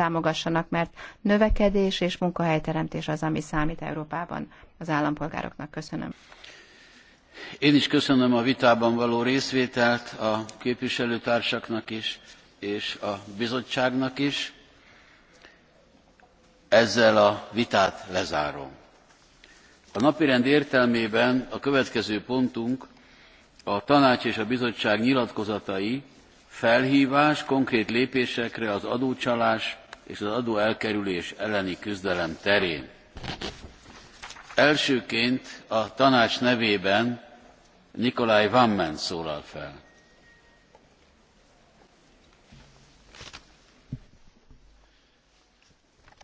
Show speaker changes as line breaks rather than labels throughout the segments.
támogassanak, mert növekedés és munkahelyteremtés az, ami számít Európában az állampolgároknak. Köszönöm.
Én is köszönöm a vitában való részvételt a képviselőtársaknak is, és a bizottságnak is. Ezzel a vitát lezárom. A napirend értelmében a következő pontunk a tanács és a bizottság nyilatkozatai felhívás konkrét lépésekre az adócsalás és az adóelkerülés elleni küzdelem terén. Elsőként a tanács nevében Nikolaj Vammen szólal fel.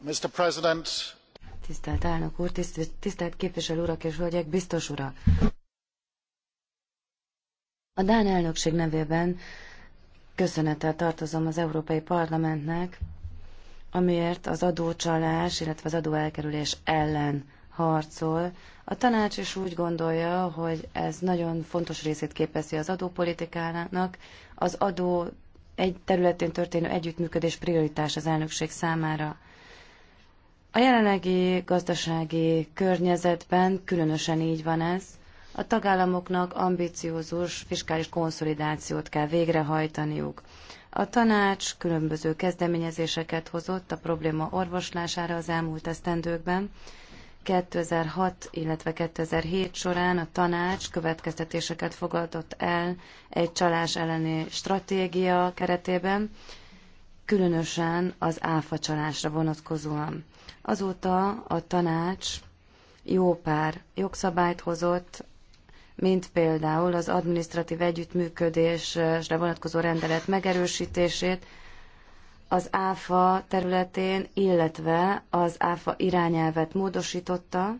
Mr. President.
Tisztelt elnök úr, tisztelt, tisztelt képviselő urak és hölgyek, biztos ura. A Dán elnökség nevében köszönettel tartozom az Európai Parlamentnek, amiért az adócsalás, illetve az adóelkerülés ellen harcol. A tanács is úgy gondolja, hogy ez nagyon fontos részét képezi az adópolitikának. Az adó egy területén történő együttműködés prioritás az elnökség számára. A jelenlegi gazdasági környezetben különösen így van ez. A tagállamoknak ambiciózus fiskális konszolidációt kell végrehajtaniuk. A tanács különböző kezdeményezéseket hozott a probléma orvoslására az elmúlt esztendőkben. 2006, illetve 2007 során a tanács következtetéseket fogadott el egy csalás elleni stratégia keretében, különösen az áfa csalásra vonatkozóan. Azóta a tanács jó pár jogszabályt hozott mint például az administratív együttműködésre vonatkozó rendelet megerősítését az ÁFA területén, illetve az ÁFA irányelvet módosította.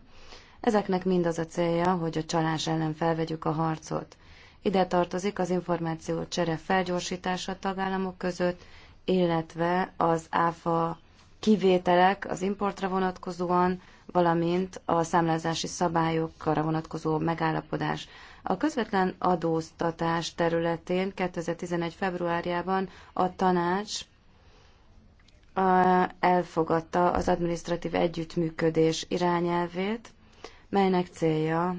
Ezeknek mind az a célja, hogy a csalás ellen felvegyük a harcot. Ide tartozik az információ csere felgyorsítása a tagállamok között, illetve az áfa kivételek az importra vonatkozóan, valamint a számlázási szabályokra vonatkozó megállapodás. A közvetlen adóztatás területén 2011. februárjában a tanács elfogadta az administratív együttműködés irányelvét, melynek célja,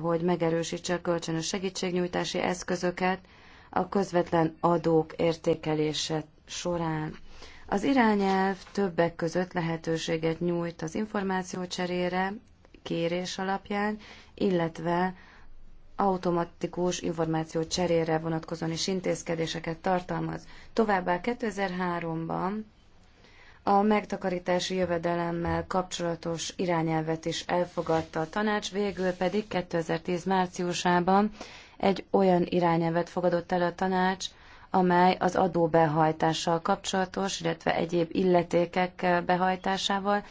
hogy megerősítse a kölcsönös segítségnyújtási eszközöket a közvetlen adók értékelése során. Az irányelv többek között lehetőséget nyújt az információcserére, kérés alapján, illetve automatikus információ cserére vonatkozóan is intézkedéseket tartalmaz. Továbbá 2003-ban a megtakarítási jövedelemmel kapcsolatos irányelvet is elfogadta a tanács, végül pedig 2010 márciusában egy olyan irányelvet fogadott el a tanács, amely az adóbehajtással kapcsolatos, illetve egyéb illetékek behajtásával,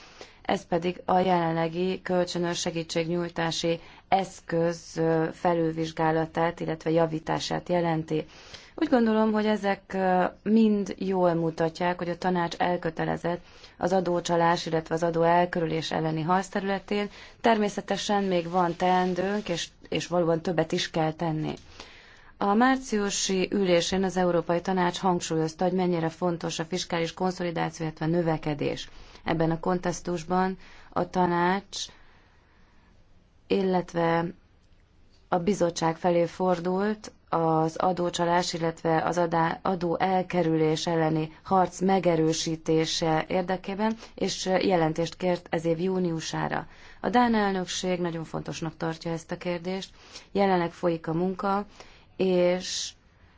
ez pedig a jelenlegi kölcsönös segítségnyújtási eszköz felülvizsgálatát, illetve javítását jelenti. Úgy gondolom, hogy ezek mind jól mutatják, hogy a tanács elkötelezett az adócsalás, illetve az adó elkerülés elleni területén. Természetesen még van teendőnk, és, és valóban többet is kell tenni. A márciusi ülésén az Európai Tanács hangsúlyozta, hogy mennyire fontos a fiskális konszolidáció, illetve növekedés. Ebben a kontextusban a tanács, illetve a bizottság felé fordult az adócsalás, illetve az adá, adó elkerülés elleni harc megerősítése érdekében, és jelentést kért ez év júniusára. A Dán elnökség nagyon fontosnak tartja ezt a kérdést. Jelenleg folyik a munka, és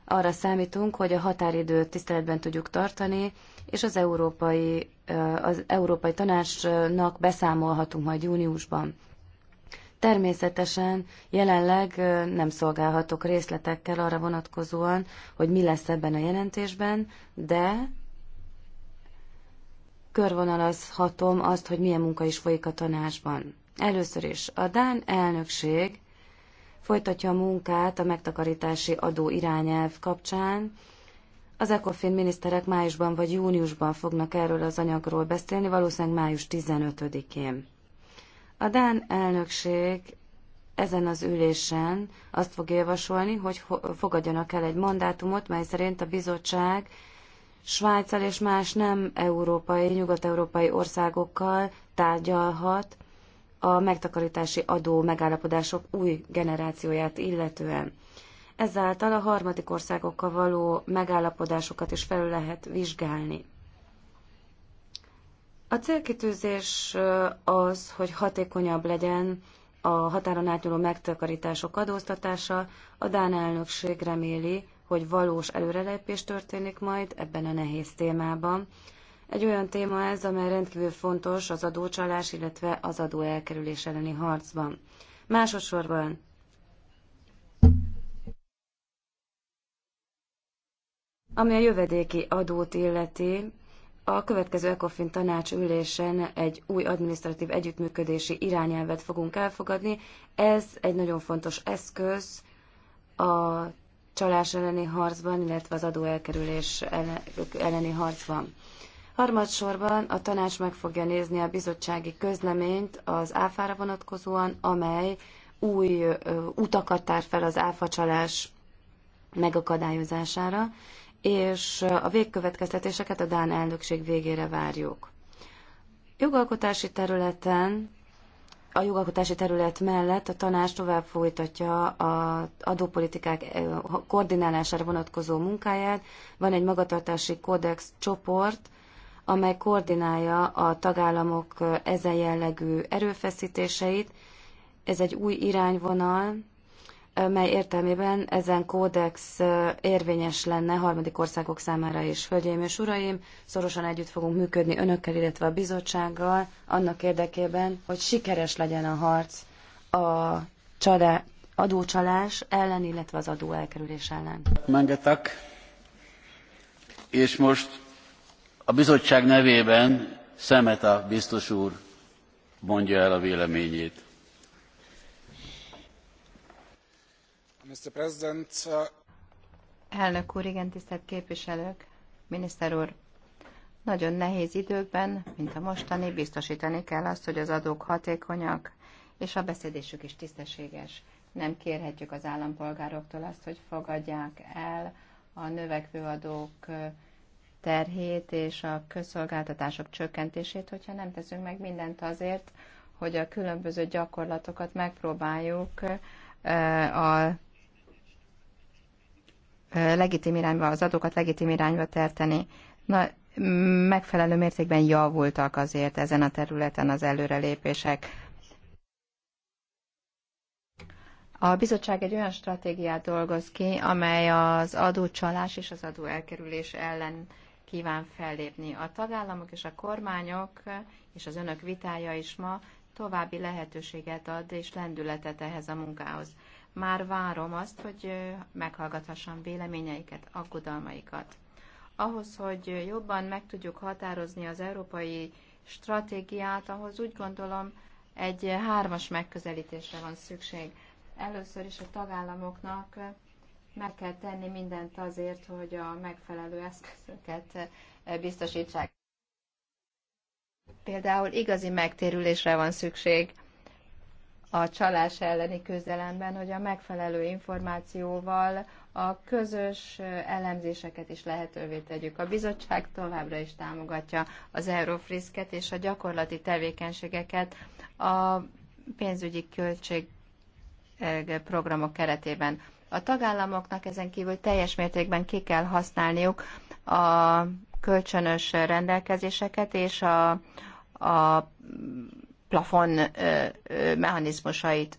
arra számítunk, hogy a határidőt tiszteletben tudjuk tartani, és az Európai, az Európai Tanácsnak beszámolhatunk majd júniusban. Természetesen jelenleg nem szolgálhatok részletekkel arra vonatkozóan, hogy mi lesz ebben a jelentésben, de körvonalazhatom azt, hogy milyen munka is folyik a tanácsban. Először is a Dán elnökség folytatja a munkát a megtakarítási adó irányelv kapcsán. Az ECOFIN miniszterek májusban vagy júniusban fognak erről az anyagról beszélni, valószínűleg május 15-én. A Dán elnökség ezen az ülésen azt fog javasolni, hogy fogadjanak el egy mandátumot, mely szerint a bizottság Svájccal és más nem európai, nyugat-európai országokkal tárgyalhat a megtakarítási adó megállapodások új generációját illetően. Ezáltal a harmadik országokkal való megállapodásokat is felül lehet vizsgálni. A célkitűzés az, hogy hatékonyabb legyen a határon átnyúló megtakarítások adóztatása. A Dán elnökség reméli, hogy valós előrelépés történik majd ebben a nehéz témában, egy olyan téma ez, amely rendkívül fontos az adócsalás, illetve az adó elkerülés elleni harcban. Másodszorban Ami a jövedéki adót illeti, a következő ECOFIN tanács ülésen egy új adminisztratív együttműködési irányelvet fogunk elfogadni. Ez egy nagyon fontos eszköz a csalás elleni harcban, illetve az adóelkerülés elleni harcban. Harmadsorban a tanács meg fogja nézni a bizottsági közleményt az áfára vonatkozóan, amely új utakat tár fel az áfacsalás megakadályozására, és a végkövetkeztetéseket a Dán elnökség végére várjuk. Jogalkotási területen a jogalkotási terület mellett a tanács tovább folytatja az adópolitikák koordinálására vonatkozó munkáját. Van egy magatartási kódex csoport, amely koordinálja a tagállamok ezen jellegű erőfeszítéseit. Ez egy új irányvonal, mely értelmében ezen kódex érvényes lenne harmadik országok számára is. Hölgyeim és uraim, szorosan együtt fogunk működni önökkel, illetve a bizottsággal annak érdekében, hogy sikeres legyen a harc a csalá, adócsalás ellen, illetve az adó elkerülés ellen.
Mengetek. És most a bizottság nevében Szemeta biztos úr mondja el a véleményét.
Mr. President, uh...
Elnök úr, igen, tisztelt képviselők, miniszter úr, nagyon nehéz időkben, mint a mostani, biztosítani kell azt, hogy az adók hatékonyak, és a beszedésük is tisztességes. Nem kérhetjük az állampolgároktól azt, hogy fogadják el a növekvő adók terhét és a közszolgáltatások csökkentését, hogyha nem teszünk meg mindent azért, hogy a különböző gyakorlatokat megpróbáljuk eh, a eh, legitim irányba, az adókat legitim irányba terteni. Na, megfelelő mértékben javultak azért ezen a területen az előrelépések. A bizottság egy olyan stratégiát dolgoz ki, amely az adócsalás és az adóelkerülés ellen kíván fellépni. A tagállamok és a kormányok és az önök vitája is ma további lehetőséget ad és lendületet ehhez a munkához. Már várom azt, hogy meghallgathassam véleményeiket, aggodalmaikat. Ahhoz, hogy jobban meg tudjuk határozni az európai stratégiát, ahhoz úgy gondolom egy hármas megközelítésre van szükség. Először is a tagállamoknak meg kell tenni mindent azért, hogy a megfelelő eszközöket eh, biztosítsák. Például igazi megtérülésre van szükség a csalás elleni küzdelemben, hogy a megfelelő információval a közös eh, elemzéseket is lehetővé tegyük. A bizottság továbbra is támogatja az Eurofrisket és a gyakorlati tevékenységeket a pénzügyi költség eh, programok keretében. A tagállamoknak ezen kívül teljes mértékben ki kell használniuk a kölcsönös rendelkezéseket és a, a plafon mechanizmusait.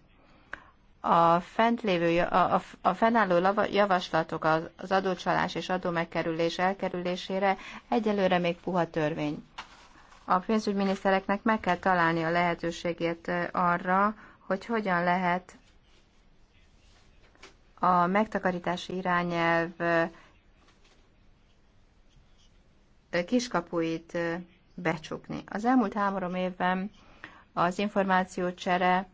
A, fent lévő, a, a fennálló javaslatok az adócsalás és adómegkerülés elkerülésére egyelőre még puha törvény. A pénzügyminisztereknek meg kell találni a lehetőségét arra, hogy hogyan lehet a megtakarítási irányelv kiskapuit becsukni. Az elmúlt három évben az információcsere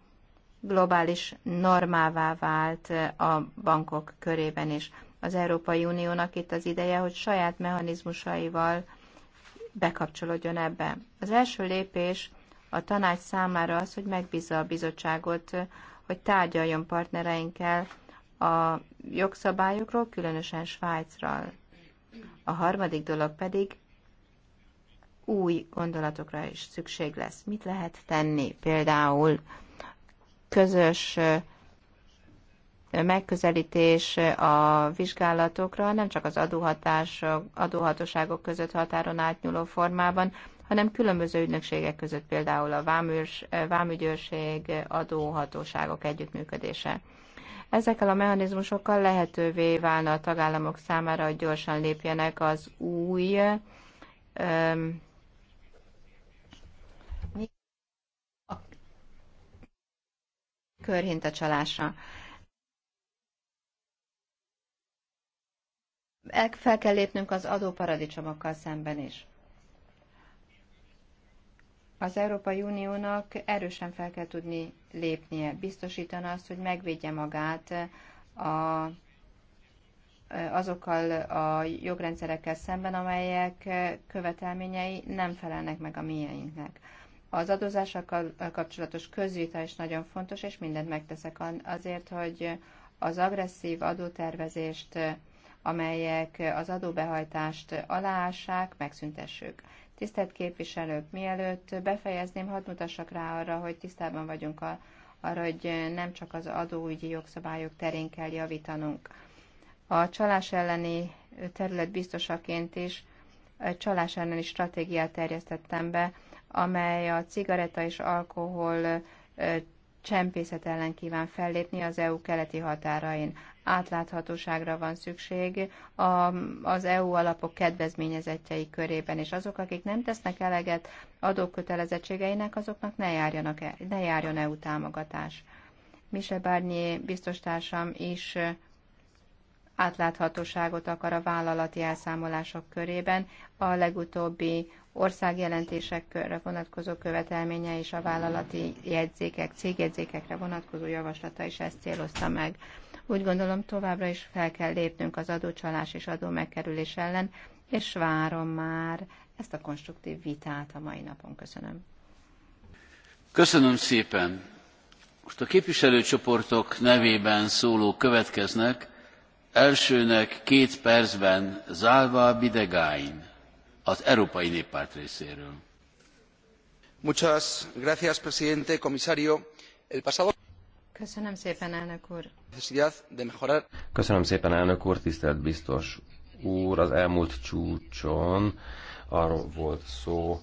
globális normává vált a bankok körében is. Az Európai Uniónak itt az ideje, hogy saját mechanizmusaival bekapcsolódjon ebbe. Az első lépés a tanács számára az, hogy megbízza a bizottságot, hogy tárgyaljon partnereinkkel a jogszabályokról, különösen Svájcral. A harmadik dolog pedig új gondolatokra is szükség lesz. Mit lehet tenni? Például közös megközelítés a vizsgálatokra, nem csak az adóhatások, adóhatóságok között határon átnyúló formában, hanem különböző ügynökségek között, például a vámügyőrség, adóhatóságok együttműködése. Ezekkel a mechanizmusokkal lehetővé válna a tagállamok számára, hogy gyorsan lépjenek az új um, körhinta csalásra. Fel kell lépnünk az adóparadicsomokkal szemben is. Az Európai Uniónak erősen fel kell tudni lépnie, biztosítani azt, hogy megvédje magát a, azokkal a jogrendszerekkel szemben, amelyek követelményei nem felelnek meg a mieinknek. Az adózásokkal kapcsolatos közvita is nagyon fontos, és mindent megteszek azért, hogy az agresszív adótervezést, amelyek az adóbehajtást aláássák, megszüntessük. Tisztelt képviselők, mielőtt befejezném, hadd mutassak rá arra, hogy tisztában vagyunk a, arra, hogy nem csak az adóügyi jogszabályok terén kell javítanunk. A csalás elleni terület biztosaként is egy csalás elleni stratégiát terjesztettem be, amely a cigaretta és alkohol csempészet ellen kíván fellépni az EU keleti határain. Átláthatóságra van szükség a, az EU alapok kedvezményezettjei körében, és azok, akik nem tesznek eleget adókötelezettségeinek, azoknak ne, járjanak, e, ne járjon EU támogatás. Mise Barnier biztostársam is átláthatóságot akar a vállalati elszámolások körében. A legutóbbi országjelentésekre vonatkozó követelménye és a vállalati jegyzékek, cégjegyzékekre vonatkozó javaslata is ezt célozta meg. Úgy gondolom, továbbra is fel kell lépnünk az adócsalás és adó megkerülés ellen, és várom már ezt a konstruktív vitát a mai napon. Köszönöm.
Köszönöm szépen. Most a képviselőcsoportok nevében szóló következnek. Elsőnek két percben Zálva Bidegáin az Európai Néppárt részéről.
Köszönöm szépen, elnök úr.
Köszönöm szépen, elnök úr, tisztelt biztos úr. Az elmúlt csúcson arról volt szó,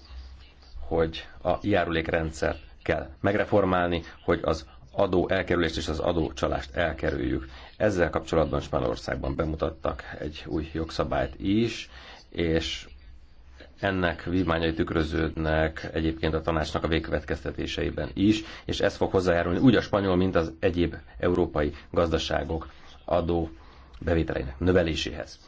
hogy a járulékrendszer kell megreformálni, hogy az adó elkerülést és az adócsalást elkerüljük. Ezzel kapcsolatban Spanyolországban bemutattak egy új jogszabályt is, és ennek vívmányai tükröződnek egyébként a tanácsnak a végkövetkeztetéseiben is, és ez fog hozzájárulni úgy a spanyol, mint az egyéb európai gazdaságok adó bevételeinek növeléséhez.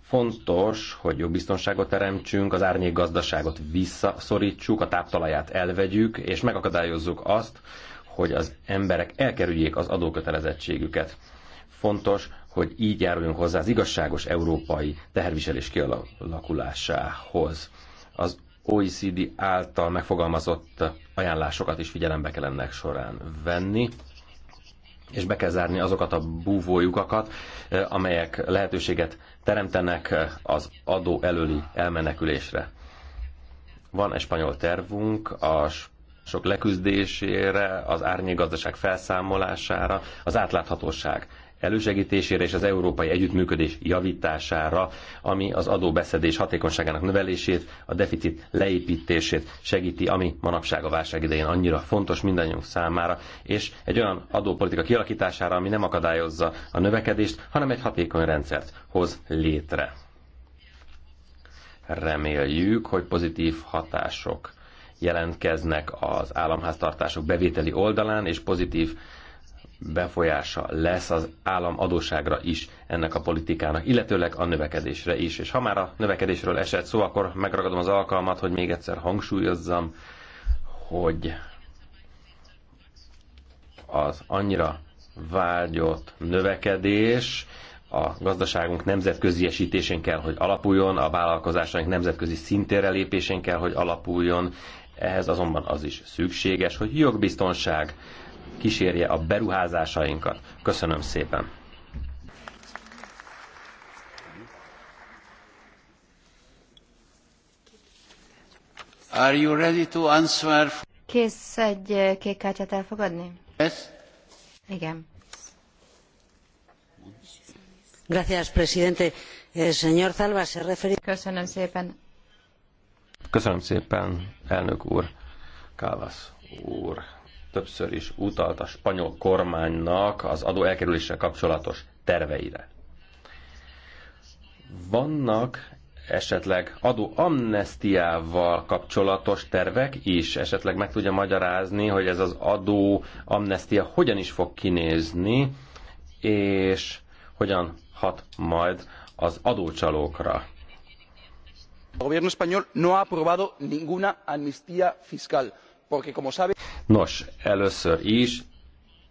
Fontos, hogy jobb biztonságot teremtsünk, az árnyék gazdaságot visszaszorítsuk, a táptalaját elvegyük, és megakadályozzuk azt, hogy az emberek elkerüljék az adókötelezettségüket. Fontos, hogy így járuljunk hozzá az igazságos európai teherviselés kialakulásához. Az OECD által megfogalmazott ajánlásokat is figyelembe kell ennek során venni, és be kell zárni azokat a búvójukakat, amelyek lehetőséget teremtenek az adó előli elmenekülésre. Van egy spanyol tervünk, a sok leküzdésére, az árnyék gazdaság felszámolására, az átláthatóság elősegítésére és az európai együttműködés javítására, ami az adóbeszedés hatékonyságának növelését, a deficit leépítését segíti, ami manapság a válság idején annyira fontos mindannyiunk számára, és egy olyan adópolitika kialakítására, ami nem akadályozza a növekedést, hanem egy hatékony rendszert hoz létre. Reméljük, hogy pozitív hatások jelentkeznek az államháztartások bevételi oldalán, és pozitív befolyása lesz az állam adóságra is ennek a politikának, illetőleg a növekedésre is. És ha már a növekedésről esett szó, akkor megragadom az alkalmat, hogy még egyszer hangsúlyozzam, hogy az annyira vágyott növekedés a gazdaságunk nemzetközi esítésén kell, hogy alapuljon, a vállalkozásaink nemzetközi szintére lépésén kell, hogy alapuljon, ehhez azonban az is szükséges, hogy jogbiztonság kísérje a beruházásainkat. Köszönöm szépen!
Are you ready to answer?
Kész egy eh, kék kártyát elfogadni? Yes. Igen. Gracias, presidente. Eh, señor Zalba se referi... Köszönöm szépen.
Köszönöm szépen, elnök úr, Kálasz úr többször is utalt a spanyol kormánynak az adó elkerüléssel kapcsolatos terveire. Vannak esetleg adó amnestiával kapcsolatos tervek is? Esetleg meg tudja magyarázni, hogy ez az adó amnestia hogyan is fog kinézni, és hogyan hat majd az adócsalókra?
A gobierno español no ha aprobado ninguna amnistía fiscal, porque como sabe...
Nos, először is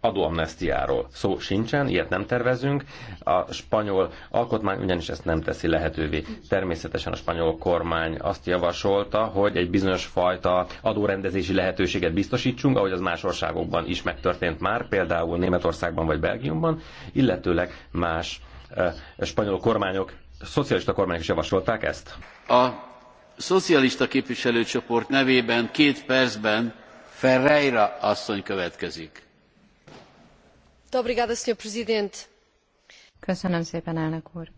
adóamnestiáról szó sincsen, ilyet nem tervezünk. A spanyol alkotmány ugyanis ezt nem teszi lehetővé. Természetesen a spanyol kormány azt javasolta, hogy egy bizonyos fajta adórendezési lehetőséget biztosítsunk, ahogy az más országokban is megtörtént már, például Németországban vagy Belgiumban, illetőleg más spanyol kormányok, szocialista kormányok is javasolták ezt.
A szocialista képviselőcsoport nevében két percben Ferreira asszony következik.
Köszönöm szépen, elnök úr.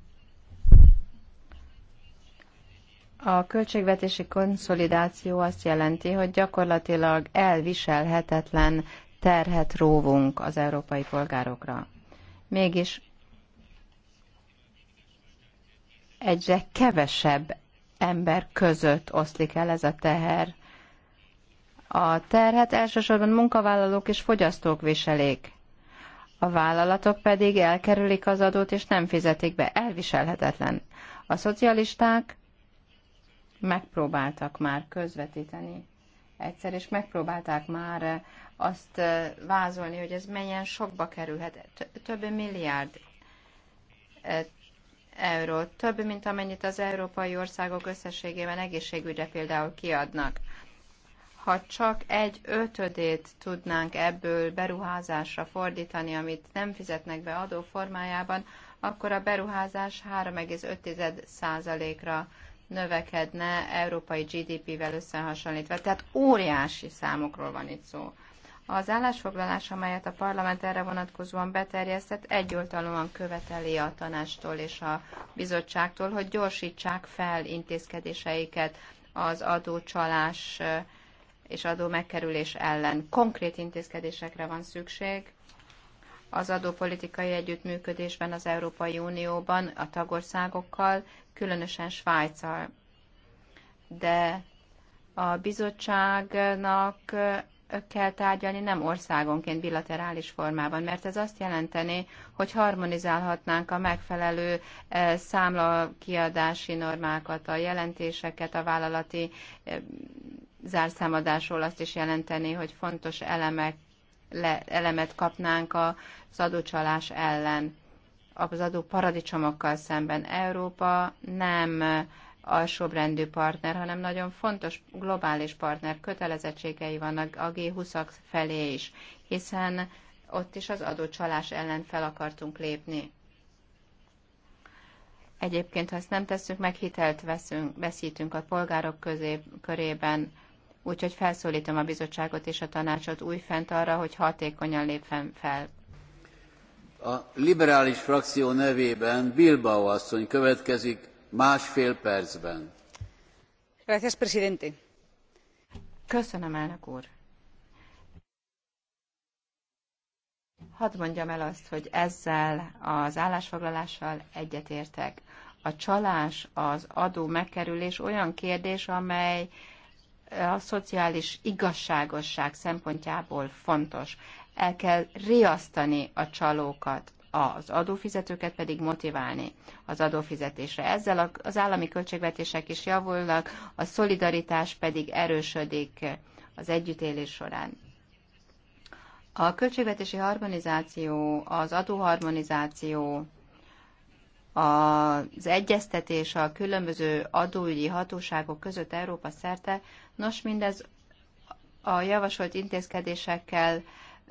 A költségvetési konszolidáció azt jelenti, hogy gyakorlatilag elviselhetetlen terhet róvunk az európai polgárokra. Mégis egyre kevesebb ember között oszlik el ez a teher, a terhet elsősorban munkavállalók és fogyasztók viselik. A vállalatok pedig elkerülik az adót és nem fizetik be. Elviselhetetlen. A szocialisták megpróbáltak már közvetíteni egyszer, és megpróbálták már azt eh, vázolni, hogy ez mennyien sokba kerülhet. Több milliárd eh, euró, több, mint amennyit az európai országok összességében egészségügyre például kiadnak ha csak egy ötödét tudnánk ebből beruházásra fordítani, amit nem fizetnek be adó formájában, akkor a beruházás 3,5%-ra növekedne európai GDP-vel összehasonlítva. Tehát óriási számokról van itt szó. Az állásfoglalás, amelyet a parlament erre vonatkozóan beterjesztett, egyoltalúan követeli a tanástól és a bizottságtól, hogy gyorsítsák fel intézkedéseiket az adócsalás és adó megkerülés ellen konkrét intézkedésekre van szükség. Az adópolitikai együttműködésben az Európai Unióban a tagországokkal, különösen Svájccal. De a bizottságnak kell tárgyalni, nem országonként bilaterális formában, mert ez azt jelenteni, hogy harmonizálhatnánk a megfelelő e, számla kiadási normákat, a jelentéseket, a vállalati e, zárszámadásról azt is jelenteni, hogy fontos elemek, le, elemet kapnánk az adócsalás ellen, az adó paradicsomokkal szemben. Európa nem alsóbrendű partner, hanem nagyon fontos globális partner, kötelezettségei vannak a G20-ak felé is, hiszen ott is az adócsalás ellen fel akartunk lépni. Egyébként, ha ezt nem tesszük meg, hitelt veszünk, veszítünk a polgárok közé, körében, Úgyhogy felszólítom a bizottságot és a tanácsot újfent arra, hogy hatékonyan
lépjen fel.
A liberális frakció nevében Bilbao asszony következik másfél percben.
Gracias, presidente.
Köszönöm, elnök úr. Hadd mondjam el azt, hogy ezzel az állásfoglalással egyetértek. A csalás, az adó megkerülés olyan kérdés, amely a szociális igazságosság szempontjából fontos. El kell riasztani a csalókat, az adófizetőket pedig motiválni az adófizetésre. Ezzel az állami költségvetések is javulnak, a szolidaritás pedig erősödik az együttélés során. A költségvetési harmonizáció, az adóharmonizáció, az egyeztetés a különböző adóügyi hatóságok között Európa szerte Nos, mindez a javasolt intézkedésekkel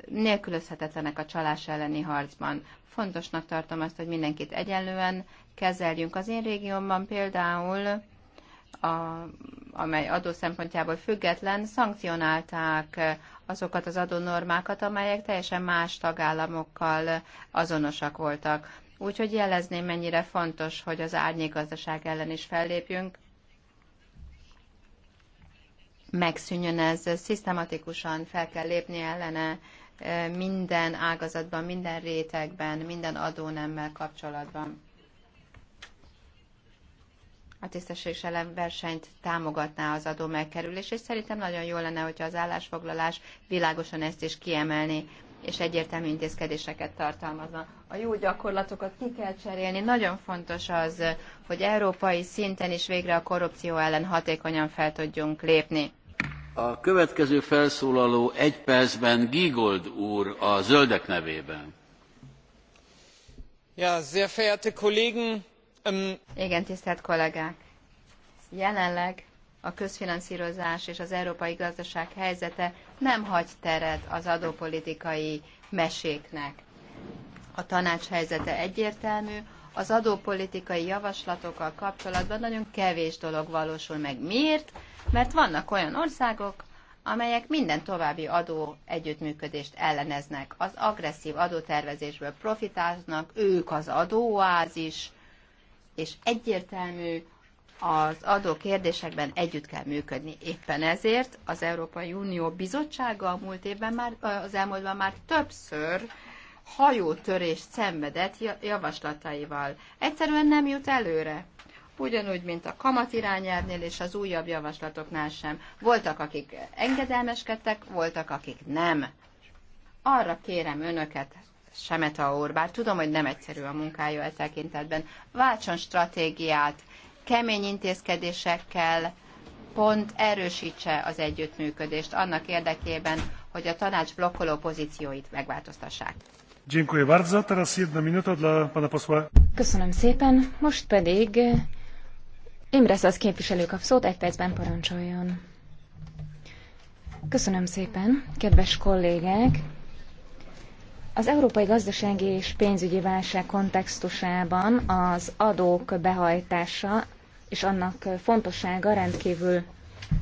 nélkülözhetetlenek a csalás elleni harcban. Fontosnak tartom azt, hogy mindenkit egyenlően kezeljünk. Az én régiómban például, a, amely adó szempontjából független, szankcionálták azokat az adónormákat, amelyek teljesen más tagállamokkal azonosak voltak. Úgyhogy jelezném, mennyire fontos, hogy az gazdaság ellen is fellépjünk, megszűnjön ez. Szisztematikusan fel kell lépni ellene minden ágazatban, minden rétegben, minden adónemmel kapcsolatban. A tisztességtelen versenyt támogatná az adó megkerülés, és szerintem nagyon jó lenne, hogyha az állásfoglalás világosan ezt is kiemelni, és egyértelmű intézkedéseket tartalmazna. A jó gyakorlatokat ki kell cserélni. Nagyon fontos az, hogy európai szinten is végre a korrupció ellen hatékonyan fel tudjunk lépni
a következő felszólaló egy percben Giegold úr a zöldek nevében.
Ja, sehr verehrte Kollegen, um... Igen, tisztelt kollégák! Jelenleg a közfinanszírozás és az európai gazdaság helyzete nem hagy teret az adópolitikai meséknek. A tanács helyzete egyértelmű, az adópolitikai javaslatokkal kapcsolatban nagyon kevés dolog valósul meg. Miért? mert vannak olyan országok, amelyek minden további adó együttműködést elleneznek. Az agresszív adótervezésből profitálnak, ők az adóoázis, és egyértelmű az adó kérdésekben együtt kell működni. Éppen ezért az Európai Unió Bizottsága a múlt évben már, az elmúltban már többször hajótörést szenvedett javaslataival. Egyszerűen nem jut előre ugyanúgy, mint a kamatirányelvnél és az újabb javaslatoknál sem. Voltak, akik engedelmeskedtek, voltak, akik nem. Arra kérem önöket, Semeta úr, bár tudom, hogy nem egyszerű a munkája e tekintetben, váltson stratégiát, kemény intézkedésekkel, pont erősítse az együttműködést annak érdekében, hogy a tanács blokkoló pozícióit megváltoztassák.
dla Köszönöm szépen. Most pedig Imre az képviselő kap szót, egy percben parancsoljon. Köszönöm szépen, kedves kollégák! Az európai gazdasági és pénzügyi válság kontextusában az adók behajtása és annak fontossága rendkívül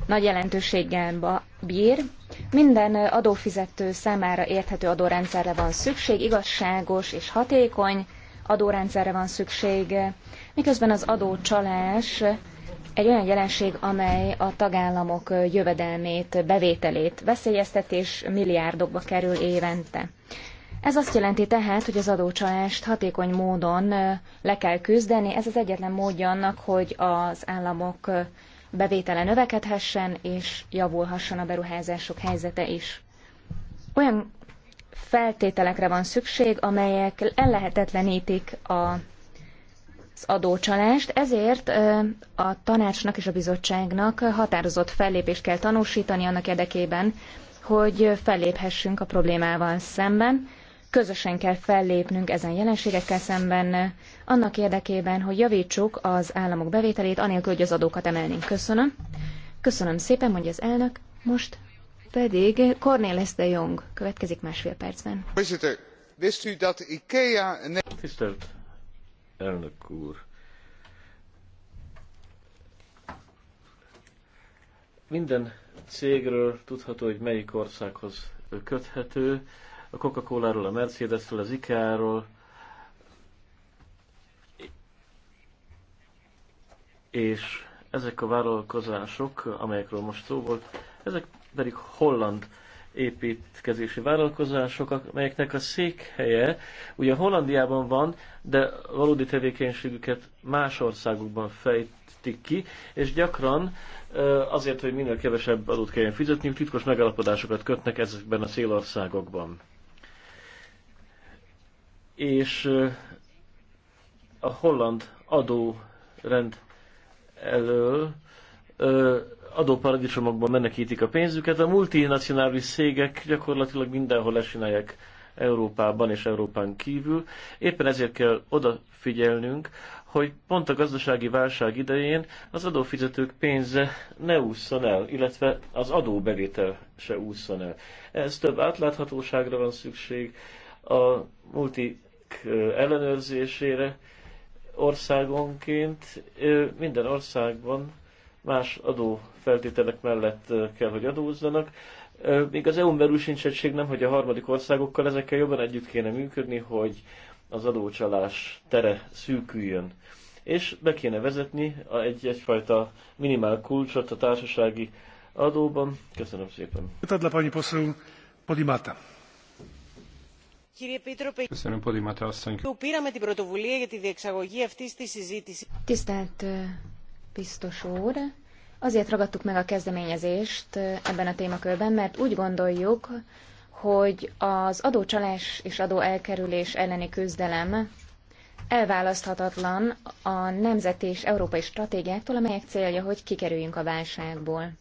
nagy jelentőséggel bír. Minden adófizető számára érthető adórendszerre van szükség, igazságos és hatékony, adórendszerre van szükség, miközben az adócsalás egy olyan jelenség, amely a tagállamok jövedelmét, bevételét veszélyeztet és milliárdokba kerül évente. Ez azt jelenti tehát, hogy az adócsalást hatékony módon le kell küzdeni. Ez az egyetlen módja annak, hogy az államok bevétele növekedhessen és javulhasson a beruházások helyzete is. Olyan feltételekre van szükség, amelyek ellehetetlenítik a, az adócsalást, ezért a tanácsnak és a bizottságnak határozott fellépést kell tanúsítani annak érdekében, hogy felléphessünk a problémával szemben. Közösen kell fellépnünk ezen jelenségekkel szemben, annak érdekében, hogy javítsuk az államok bevételét, anélkül, hogy az adókat emelnénk. Köszönöm. Köszönöm szépen, mondja az elnök. Most pedig Cornelis de Jong következik másfél percben.
Tisztelt elnök úr! Minden
cégről tudható, hogy melyik országhoz köthető. A Coca-Cola-ról, a Mercedesről, az IKEA-ról, és ezek a vállalkozások, amelyekről most szó volt, ezek pedig holland építkezési vállalkozások, amelyeknek a székhelye ugye Hollandiában van, de valódi tevékenységüket más országokban fejtik ki, és gyakran azért, hogy minél kevesebb adót kelljen fizetniük, titkos megalapodásokat kötnek ezekben a szélországokban. És a holland adórend elől adóparadicsomokban menekítik a pénzüket. A multinacionális szégek gyakorlatilag mindenhol lesinálják Európában és Európán kívül. Éppen ezért kell odafigyelnünk, hogy pont a gazdasági válság idején az adófizetők pénze ne ússzon el, illetve az adóbevétel se ússzon el. Ez több átláthatóságra van szükség, a multi ellenőrzésére országonként, minden országban más adó feltételek mellett kell, hogy adózzanak. Még az EU-n belül sincs egység nem, hogy a harmadik országokkal ezekkel jobban együtt kéne működni, hogy az adócsalás tere szűküljön. És be kéne vezetni egy, egyfajta minimál kulcsot a társasági adóban. Köszönöm szépen. Köszönöm, Podimata asszony.
Tisztelt biztos úr. Azért ragadtuk meg a kezdeményezést ebben a témakörben, mert úgy gondoljuk, hogy az adócsalás és adóelkerülés elleni küzdelem elválaszthatatlan a nemzeti és európai stratégiáktól, amelyek célja, hogy kikerüljünk a válságból.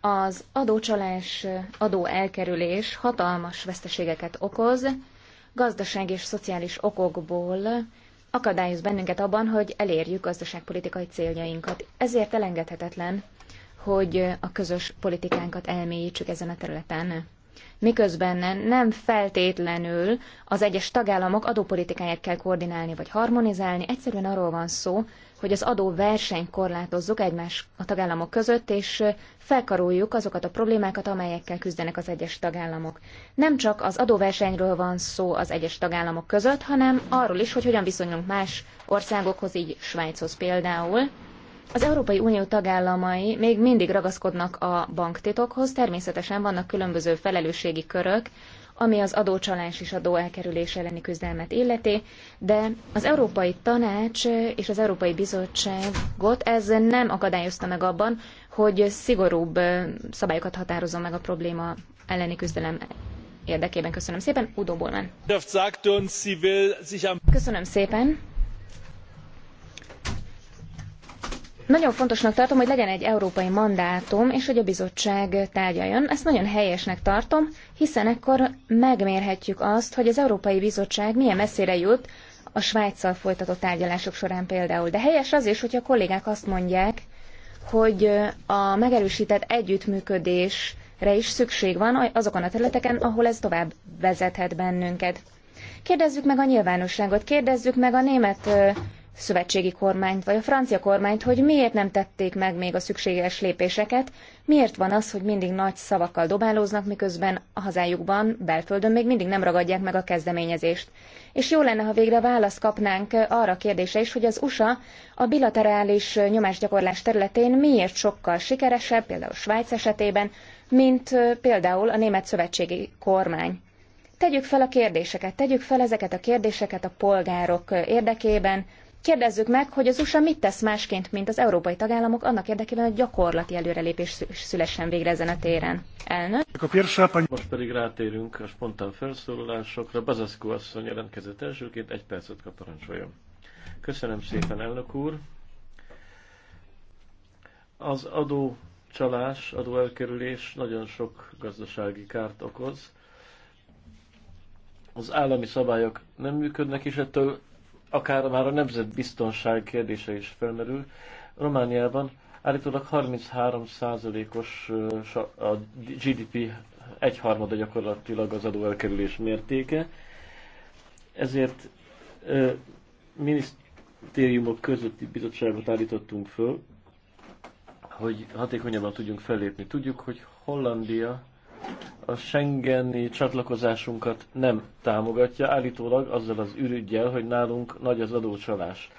Az adócsalás, adóelkerülés hatalmas veszteségeket okoz, gazdaság és szociális okokból akadályoz bennünket abban, hogy elérjük gazdaságpolitikai céljainkat. Ezért elengedhetetlen, hogy a közös politikánkat elmélyítsük ezen a területen. Miközben nem feltétlenül az egyes tagállamok adópolitikáját kell koordinálni vagy harmonizálni, egyszerűen arról van szó, hogy az adó versenyt korlátozzuk egymás a tagállamok között, és felkaroljuk azokat a problémákat, amelyekkel küzdenek az egyes tagállamok. Nem csak az adóversenyről van szó az egyes tagállamok között, hanem arról is, hogy hogyan viszonyulunk más országokhoz, így Svájchoz például. Az Európai Unió tagállamai még mindig ragaszkodnak a banktitokhoz, természetesen vannak különböző felelősségi körök, ami az adócsalás és adóelkerülés elleni küzdelmet illeti, de az Európai Tanács és az Európai Bizottságot ez nem akadályozta meg abban, hogy szigorúbb szabályokat határozom meg a probléma elleni küzdelem érdekében. Köszönöm szépen, Udo Bolman. Köszönöm szépen. Nagyon fontosnak tartom, hogy legyen egy európai mandátum, és hogy a bizottság tárgyaljon. Ezt nagyon helyesnek tartom, hiszen ekkor megmérhetjük azt, hogy az Európai Bizottság milyen messzire jut a Svájccal folytatott tárgyalások során például. De helyes az is, hogyha a kollégák azt mondják, hogy a megerősített együttműködésre is szükség van azokon a területeken, ahol ez tovább vezethet bennünket. Kérdezzük meg a nyilvánosságot, kérdezzük meg a német szövetségi kormányt, vagy a francia kormányt, hogy miért nem tették meg még a szükséges lépéseket, miért van az, hogy mindig nagy szavakkal dobálóznak, miközben a hazájukban, belföldön még mindig nem ragadják meg a kezdeményezést. És jó lenne, ha végre választ kapnánk arra a kérdése is, hogy az USA a bilaterális nyomásgyakorlás területén miért sokkal sikeresebb, például Svájc esetében, mint például a német szövetségi kormány tegyük fel a kérdéseket, tegyük fel ezeket a kérdéseket a polgárok érdekében, Kérdezzük meg, hogy az USA mit tesz másként, mint az európai tagállamok annak érdekében, hogy gyakorlati előrelépés szülessen végre ezen a téren. Elnök.
Most pedig rátérünk a spontán felszólalásokra. Bazaszkó asszony jelentkezett elsőként, egy percet kap parancsoljon. Köszönöm szépen, elnök úr. Az adó csalás, adóelkerülés nagyon sok gazdasági kárt okoz. Az állami szabályok nem működnek, és ettől akár már a nemzetbiztonság kérdése is felmerül. Romániában állítólag 33%-os a GDP egyharmada gyakorlatilag az adóelkerülés mértéke, ezért minisztériumok közötti bizottságot állítottunk föl, hogy hatékonyabban tudjunk fellépni. Tudjuk, hogy Hollandia a Schengeni csatlakozásunkat nem támogatja, állítólag azzal az ürügyjel, hogy nálunk nagy az adócsalás.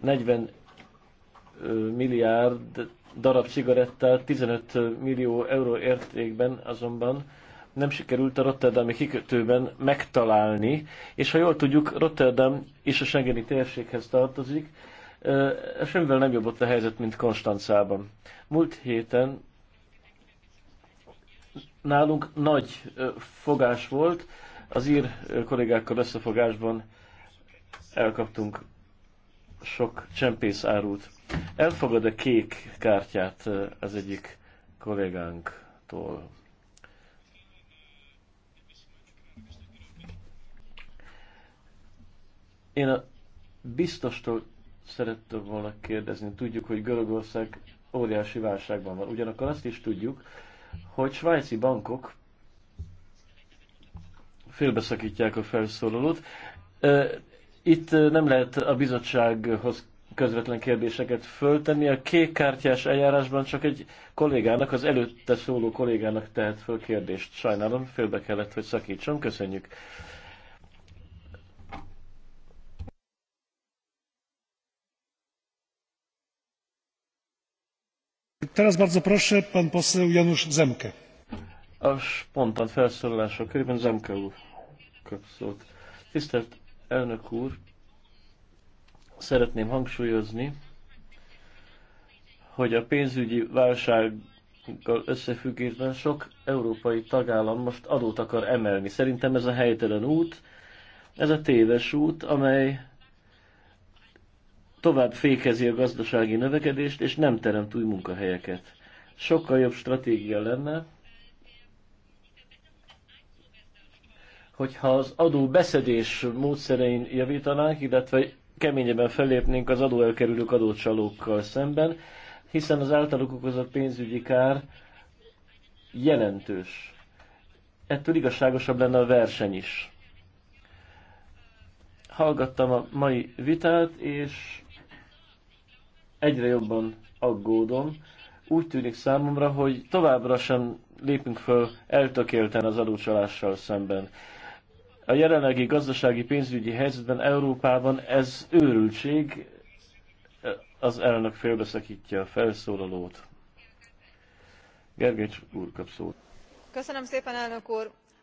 40 milliárd darab cigarettát 15 millió euró értékben azonban nem sikerült a Rotterdami kikötőben megtalálni, és ha jól tudjuk, Rotterdam is a Schengeni térséghez tartozik, semmivel nem jobbott a helyzet, mint Konstancában. Múlt héten nálunk nagy fogás volt, az ír kollégákkal összefogásban elkaptunk sok csempész árut. Elfogad a kék kártyát az egyik kollégánktól. Én a biztostól szerettem volna kérdezni. Tudjuk, hogy Görögország óriási válságban van. Ugyanakkor azt is tudjuk, hogy svájci bankok félbeszakítják a felszólalót. Itt nem lehet a bizottsághoz közvetlen kérdéseket föltenni. A kék kártyás eljárásban csak egy kollégának, az előtte szóló kollégának tehet föl kérdést. Sajnálom, félbe kellett, hogy szakítsam. Köszönjük.
Teraz bardzo proszę,
pan
poseł Janusz Zemke.
A spontán felszólalások körében Zemke úr kap szót. Tisztelt elnök úr, szeretném hangsúlyozni, hogy a pénzügyi válsággal összefüggésben sok európai tagállam most adót akar emelni. Szerintem ez a helytelen út, ez a téves út, amely tovább fékezi a gazdasági növekedést, és nem teremt új munkahelyeket. Sokkal jobb stratégia lenne, hogyha az adó beszedés módszerein javítanánk, illetve keményebben fellépnénk az adóelkerülők adócsalókkal szemben, hiszen az általuk okozott pénzügyi kár jelentős. Ettől igazságosabb lenne a verseny is. Hallgattam a mai vitát, és egyre jobban aggódom. Úgy tűnik számomra, hogy továbbra sem lépünk föl eltökélten az adócsalással szemben. A jelenlegi gazdasági pénzügyi helyzetben Európában ez őrültség, az elnök félbeszakítja a felszólalót. Gergely úr kap szót.
Köszönöm szépen, elnök úr!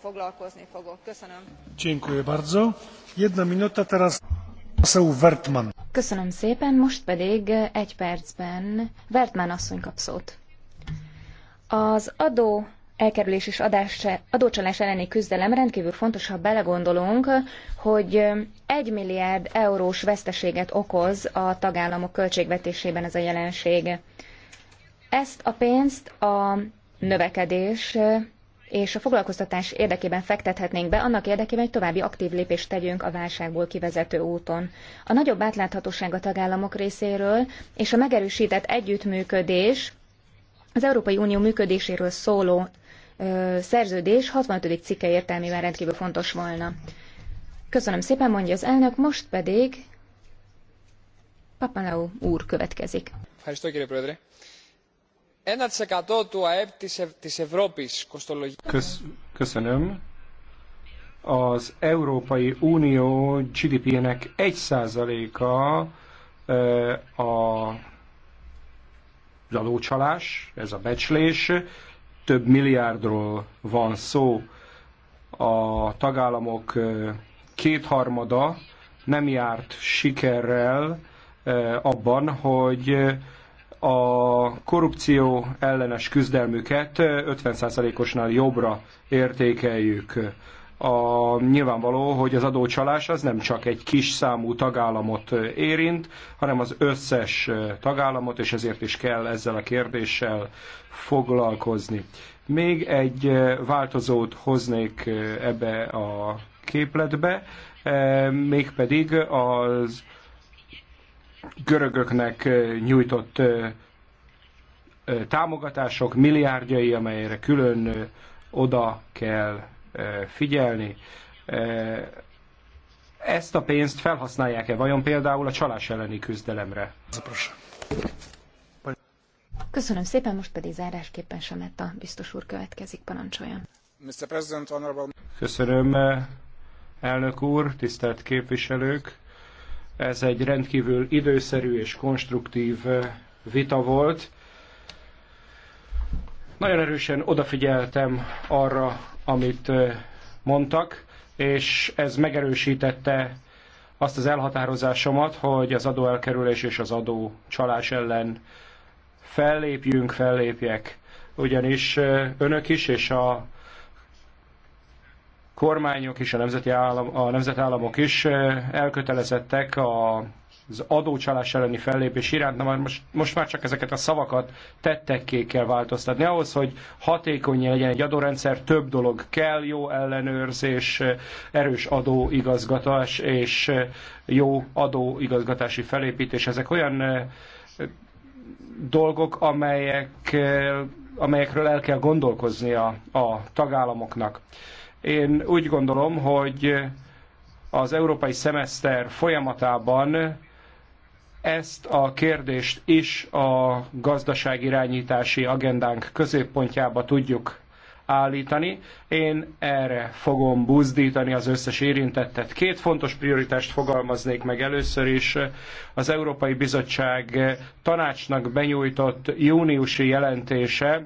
foglalkozni fogok. Köszönöm.
Köszönöm szépen, most pedig egy percben Vertman asszony kap szót. Az adó elkerülés és adócsalás elleni küzdelem rendkívül fontos, ha belegondolunk, hogy egy milliárd eurós veszteséget okoz a tagállamok költségvetésében ez a jelenség. Ezt a pénzt a növekedés és a foglalkoztatás érdekében fektethetnénk be, annak érdekében, hogy további aktív lépést tegyünk a válságból kivezető úton. A nagyobb átláthatóság a tagállamok részéről és a megerősített együttműködés az Európai Unió működéséről szóló ö, szerződés 65. cikke értelmében rendkívül fontos volna. Köszönöm szépen, mondja az elnök, most pedig Papanau úr következik.
Köszönöm, 1% του ΑΕΠ της Ευρώπης Köszönöm. Az Európai Unió GDP-nek egy a a adócsalás, ez a becslés, több milliárdról van szó. A tagállamok kétharmada nem járt sikerrel abban, hogy a korrupció ellenes küzdelmüket 50%-osnál jobbra értékeljük. A, nyilvánvaló, hogy az adócsalás az nem csak egy kis számú tagállamot érint, hanem az összes tagállamot, és ezért is kell ezzel a kérdéssel foglalkozni. Még egy változót hoznék ebbe a képletbe, mégpedig az görögöknek nyújtott támogatások milliárdjai, amelyre külön oda kell figyelni. Ezt a pénzt felhasználják-e vajon például a csalás elleni küzdelemre?
Köszönöm szépen, most pedig zárásképpen a biztos úr következik, parancsoljon. Mr. President,
Köszönöm, elnök úr, tisztelt képviselők. Ez egy rendkívül időszerű és konstruktív eh, vita volt. Nagyon erősen odafigyeltem arra, amit eh, mondtak, és ez megerősítette azt az elhatározásomat, hogy az adóelkerülés és az adó csalás ellen fellépjünk, fellépjek. Ugyanis eh, önök is és a kormányok is, a nemzeti, állam, a nemzetállamok államok is eh, elkötelezettek a az adócsalás elleni fellépés iránt, na már most, most már csak ezeket a szavakat tettekké kell változtatni. Ahhoz, hogy hatékony legyen egy adórendszer, több dolog kell, jó ellenőrzés, eh, erős adóigazgatás és eh, jó adóigazgatási felépítés. Ezek olyan dolgok, amelyek, amelyekről el kell gondolkoznia a tagállamoknak. Én úgy gondolom, hogy az európai szemeszter folyamatában ezt a kérdést is a gazdaságirányítási agendánk középpontjába tudjuk állítani. Én erre fogom buzdítani az összes érintettet. Két fontos prioritást fogalmaznék meg először is. Az Európai Bizottság tanácsnak benyújtott júniusi jelentése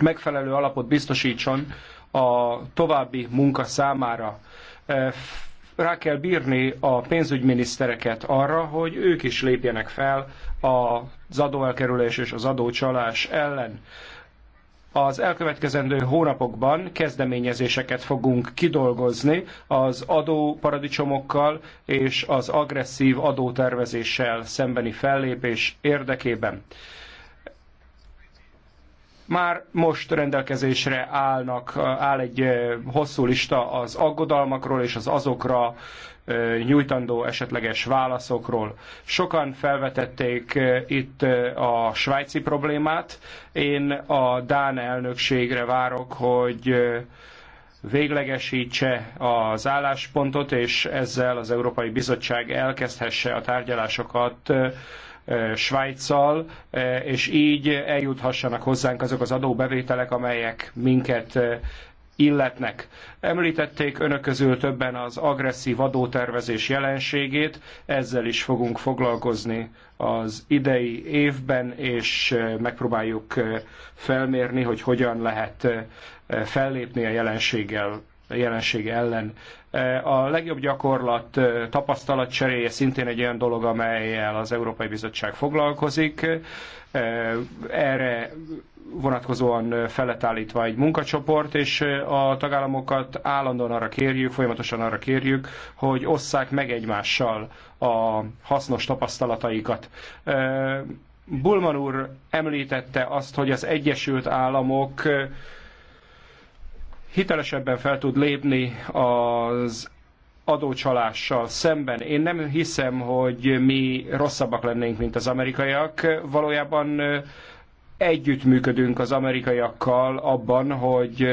megfelelő alapot biztosítson a további munka számára. E, rá kell bírni a pénzügyminisztereket arra, hogy ők is lépjenek fel az adóelkerülés és az adócsalás ellen. Az elkövetkezendő hónapokban kezdeményezéseket fogunk kidolgozni az adóparadicsomokkal és az agresszív adótervezéssel szembeni fellépés érdekében. Már most rendelkezésre állnak, áll egy hosszú lista az aggodalmakról és az azokra nyújtandó esetleges válaszokról. Sokan felvetették itt a svájci problémát. Én a Dán elnökségre várok, hogy véglegesítse az álláspontot, és ezzel az Európai Bizottság elkezdhesse a tárgyalásokat Eh, Svájccal, eh, és így eljuthassanak hozzánk azok az adóbevételek, amelyek minket eh, illetnek. Említették önök közül többen az agresszív adótervezés jelenségét, ezzel is fogunk foglalkozni az idei évben, és megpróbáljuk felmérni, hogy hogyan lehet fellépni a jelenséggel jelenség ellen. Eh, a legjobb gyakorlat eh, tapasztalatcseréje szintén egy olyan dolog, amelyel az Európai Bizottság foglalkozik. Eh, erre vonatkozóan felett állítva egy munkacsoport, és a tagállamokat állandóan arra kérjük, folyamatosan arra kérjük, hogy osszák meg egymással a hasznos tapasztalataikat. Bulman úr említette azt, hogy az Egyesült Államok hitelesebben fel tud lépni az adócsalással szemben. Én nem hiszem, hogy mi rosszabbak lennénk, mint az amerikaiak. Valójában együttműködünk az amerikaiakkal abban, hogy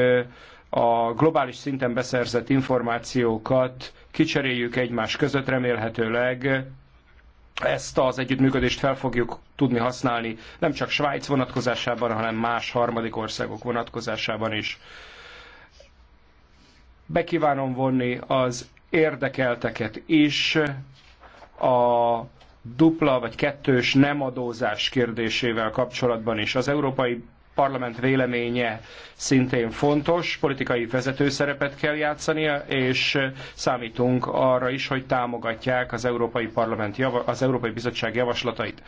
a globális szinten beszerzett információkat kicseréljük egymás között, remélhetőleg ezt az együttműködést fel fogjuk tudni használni nem csak Svájc vonatkozásában, hanem más harmadik országok vonatkozásában is. Bekívánom vonni az érdekelteket is a dupla vagy kettős nem adózás kérdésével kapcsolatban is. Az Európai Parlament véleménye szintén fontos, politikai vezető szerepet kell játszania, és számítunk arra is, hogy támogatják az Európai Parlament, az Európai Bizottság javaslatait.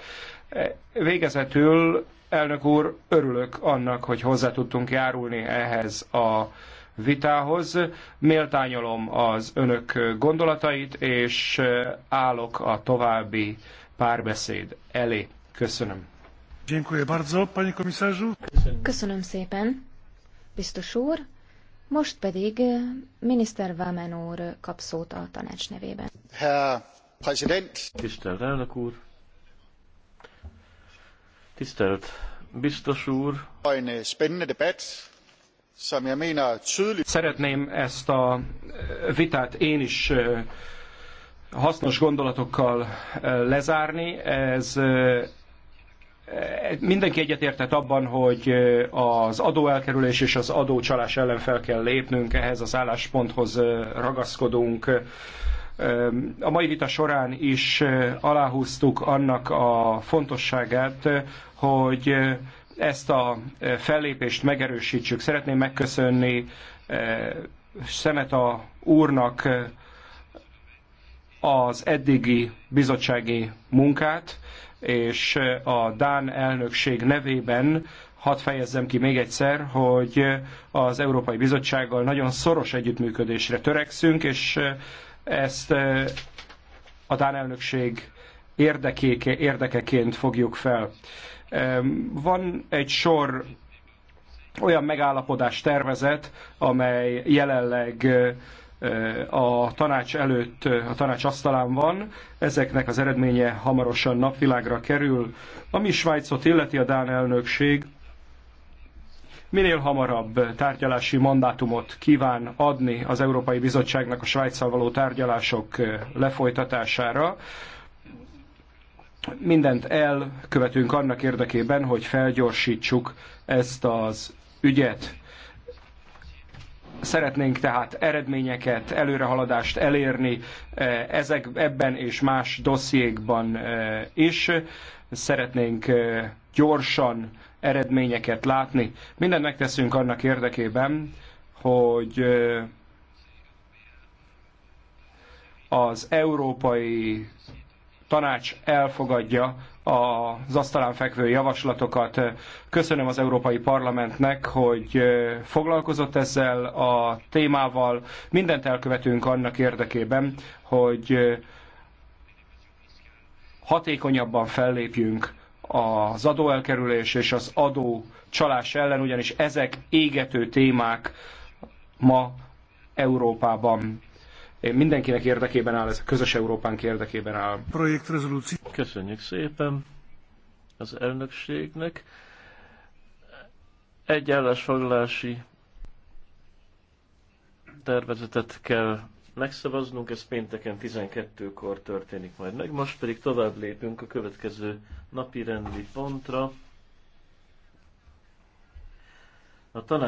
Végezetül, elnök úr, örülök annak, hogy hozzá tudtunk járulni ehhez a vitához. Méltányolom az önök gondolatait, és állok a további párbeszéd elé.
Köszönöm. Köszönöm szépen, biztos úr. Most pedig eh, miniszter Vámen úr kap szót a tanács nevében.
Tisztelt elnök úr! Tisztelt biztos úr!
Er
Szeretném ezt a vitát én is hasznos gondolatokkal lezárni. Ez mindenki egyetértett abban, hogy az adóelkerülés és az adócsalás ellen fel kell lépnünk, ehhez az állásponthoz ragaszkodunk. A mai vita során is aláhúztuk annak a fontosságát, hogy ezt a e, fellépést megerősítsük. Szeretném megköszönni e, Szemeta úrnak e, az eddigi bizottsági munkát, és a Dán elnökség nevében hadd fejezzem ki még egyszer, hogy az Európai Bizottsággal nagyon szoros együttműködésre törekszünk, és ezt a Dán elnökség érdekéke, érdekeként fogjuk fel. Van egy sor olyan megállapodás tervezet, amely jelenleg a tanács előtt, a tanács asztalán van. Ezeknek az eredménye hamarosan napvilágra kerül. Ami Svájcot illeti a Dán elnökség, minél hamarabb tárgyalási mandátumot kíván adni az Európai Bizottságnak a Svájccal való tárgyalások lefolytatására mindent elkövetünk annak érdekében, hogy felgyorsítsuk ezt az ügyet. Szeretnénk tehát eredményeket, előrehaladást elérni eh, ezek, ebben és más dossziékban eh, is. Szeretnénk eh, gyorsan eredményeket látni. Mindent megteszünk annak érdekében, hogy az európai tanács elfogadja az asztalán fekvő javaslatokat. Köszönöm az Európai Parlamentnek, hogy foglalkozott ezzel a témával. Mindent elkövetünk annak érdekében, hogy hatékonyabban fellépjünk az adóelkerülés és az adó csalás ellen, ugyanis ezek égető témák ma Európában mindenkinek érdekében
áll, ez a közös Európánk érdekében áll. Projekt rezolúció. Köszönjük szépen az elnökségnek. Egy állásfoglalási tervezetet kell megszavaznunk, ez pénteken 12-kor történik majd meg. Most pedig tovább lépünk a következő napi rendi pontra. A tanács